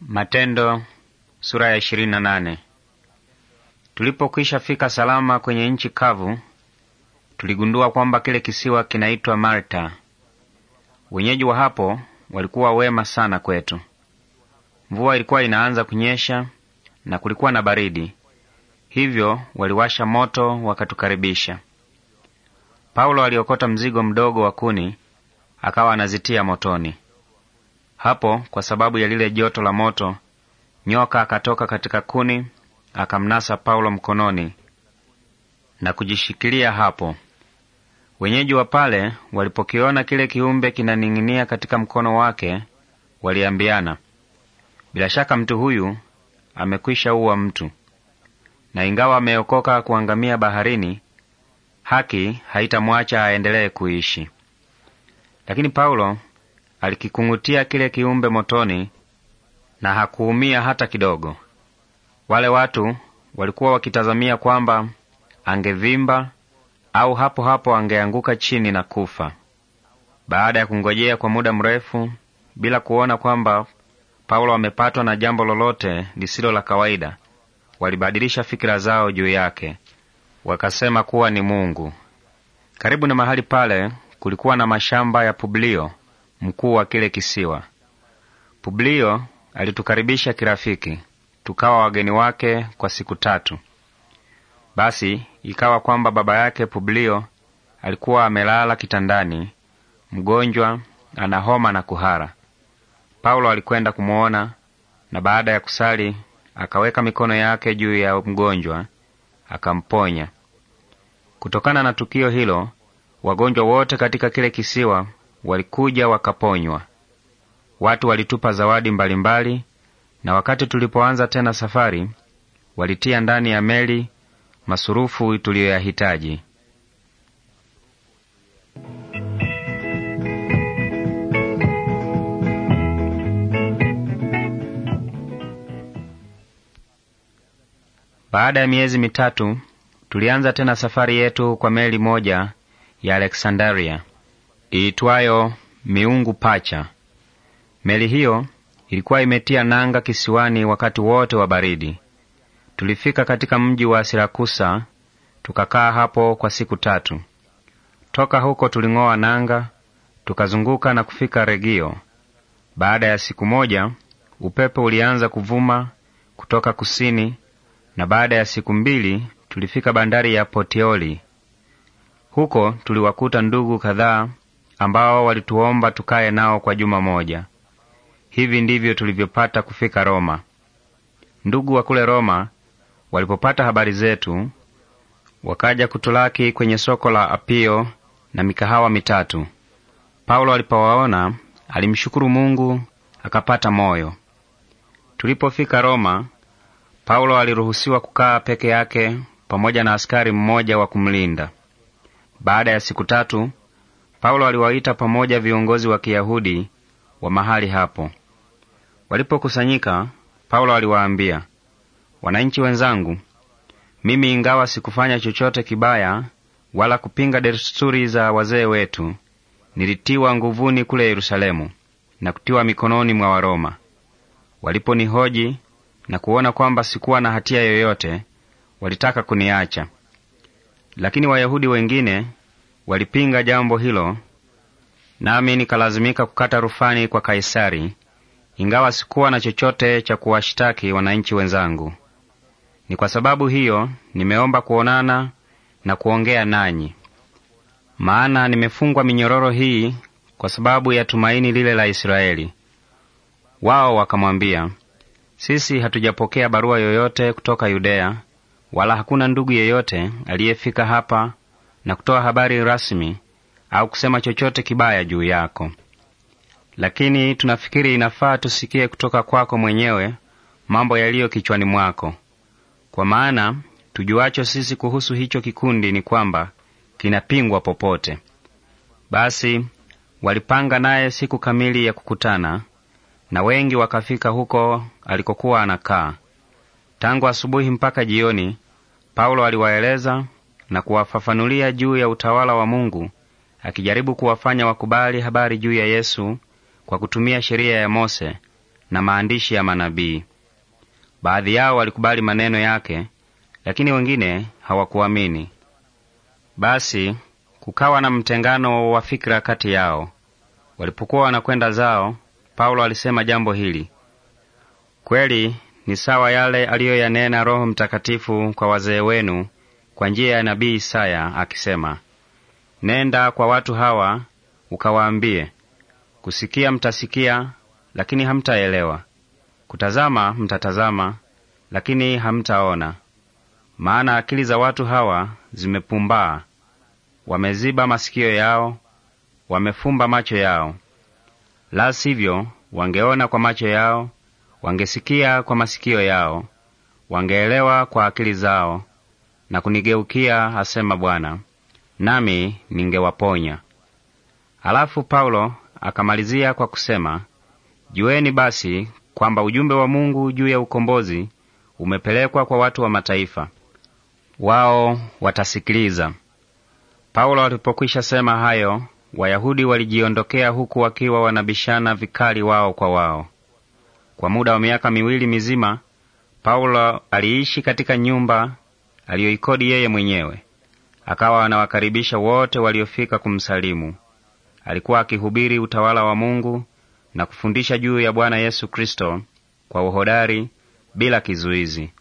Matendo sura ya 28. Tulipokwisha fika salama kwenye nchi kavu, tuligundua kwamba kile kisiwa kinaitwa Malta. Wenyeji wa hapo walikuwa wema sana kwetu. Mvua ilikuwa inaanza kunyesha na kulikuwa na baridi, hivyo waliwasha moto wakatukaribisha. Paulo aliokota mzigo mdogo wa kuni, akawa anazitia motoni. Hapo kwa sababu ya lile joto la moto, nyoka akatoka katika kuni akamnasa Paulo mkononi na kujishikilia hapo. Wenyeji wa pale walipokiona kile kiumbe kinaning'inia katika mkono wake, waliambiana, bila shaka mtu huyu amekwisha uwa mtu, na ingawa ameokoka kuangamia baharini, haki haitamwacha aendelee kuishi. Lakini Paulo alikikung'utia kile kiumbe motoni na hakuumia hata kidogo. Wale watu walikuwa wakitazamia kwamba angevimba au hapo hapo angeanguka chini na kufa. Baada ya kungojea kwa muda mrefu bila kuona kwamba Paulo amepatwa na jambo lolote lisilo la kawaida, walibadilisha fikira zao juu yake, wakasema kuwa ni Mungu. Karibu na mahali pale kulikuwa na mashamba ya Publio mkuu wa kile kisiwa. Publio alitukaribisha kirafiki, tukawa wageni wake kwa siku tatu. Basi ikawa kwamba baba yake Publio alikuwa amelala kitandani, mgonjwa, ana homa na kuhara. Paulo alikwenda kumuona na baada ya kusali akaweka mikono yake juu ya mgonjwa akamponya. Kutokana na tukio hilo, wagonjwa wote katika kile kisiwa walikuja wakaponywa. Watu walitupa zawadi mbalimbali mbali, na wakati tulipoanza tena safari walitia ndani ya meli masurufu tuliyoyahitaji. Baada ya miezi mitatu tulianza tena safari yetu kwa meli moja ya Aleksandaria iitwayo Miungu Pacha. Meli hiyo ilikuwa imetia nanga kisiwani wakati wote wa baridi. Tulifika katika mji wa Sirakusa, tukakaa hapo kwa siku tatu. Toka huko tuling'oa nanga, tukazunguka na kufika Regio. Baada ya siku moja, upepo ulianza kuvuma kutoka kusini, na baada ya siku mbili tulifika bandari ya Potioli. Huko tuliwakuta ndugu kadhaa ambao walituomba tukaye nao kwa juma moja. Hivi ndivyo tulivyopata kufika Roma. Ndugu wa kule Roma walipopata habari zetu, wakaja kutulaki kwenye soko la Apio na mikahawa mitatu. Paulo alipowaona alimshukuru Mungu akapata moyo. Tulipofika Roma, Paulo aliruhusiwa kukaa peke yake pamoja na askari mmoja wa kumlinda. Baada ya siku tatu Paulo aliwaita pamoja viongozi wa Kiyahudi wa mahali hapo. Walipokusanyika, Paulo aliwaambia, wananchi wenzangu, mimi ingawa sikufanya chochote kibaya wala kupinga desturi za wazee wetu, nilitiwa nguvuni kule Yerusalemu na kutiwa mikononi mwa Waroma. Waliponihoji na kuona kwamba sikuwa na hatia yoyote, walitaka kuniacha. Lakini Wayahudi wengine Walipinga jambo hilo, nami nikalazimika kukata rufani kwa Kaisari, ingawa sikuwa na chochote cha kuwashtaki wananchi wenzangu. Ni kwa sababu hiyo nimeomba kuonana na kuongea nanyi, maana nimefungwa minyororo hii kwa sababu ya tumaini lile la Israeli. Wao wakamwambia, sisi hatujapokea barua yoyote kutoka Yudea, wala hakuna ndugu yeyote aliyefika hapa na kutoa habari rasmi au kusema chochote kibaya juu yako, lakini tunafikiri inafaa tusikie kutoka kwako mwenyewe mambo yaliyo kichwani mwako, kwa maana tujuacho sisi kuhusu hicho kikundi ni kwamba kinapingwa popote. Basi walipanga naye siku kamili ya kukutana, na wengi wakafika huko alikokuwa anakaa. Tangu asubuhi mpaka jioni, Paulo aliwaeleza na kuwafafanulia juu ya utawala wa Mungu, akijaribu kuwafanya wakubali habari juu ya Yesu kwa kutumia sheria ya Mose na maandishi ya manabii. Baadhi yao walikubali maneno yake, lakini wengine hawakuamini. Basi kukawa na mtengano wa fikira kati yao. Walipokuwa wanakwenda zao, Paulo alisema jambo hili: kweli ni sawa yale aliyoyanena Roho Mtakatifu kwa wazee wenu kwa njia ya nabii Isaya akisema, nenda kwa watu hawa ukawaambie, kusikia mtasikia, lakini hamtaelewa; kutazama mtatazama, lakini hamtaona. Maana akili za watu hawa zimepumbaa, wameziba masikio yao, wamefumba macho yao. La sivyo, wangeona kwa macho yao, wangesikia kwa masikio yao, wangeelewa kwa akili zao, na kunigeukia, asema Bwana, nami ningewaponya. Alafu Paulo akamalizia kwa kusema, jueni basi kwamba ujumbe wa Mungu juu ya ukombozi umepelekwa kwa watu wa mataifa, wao watasikiliza. Paulo alipokwisha sema hayo, Wayahudi walijiondokea huku wakiwa wanabishana vikali wao kwa wao. Kwa muda wa miaka miwili mizima, Paulo aliishi katika nyumba aliyoikodi yeye mwenyewe, akawa anawakaribisha wote waliofika kumsalimu. Alikuwa akihubiri utawala wa Mungu na kufundisha juu ya Bwana Yesu Kristo kwa uhodari bila kizuizi.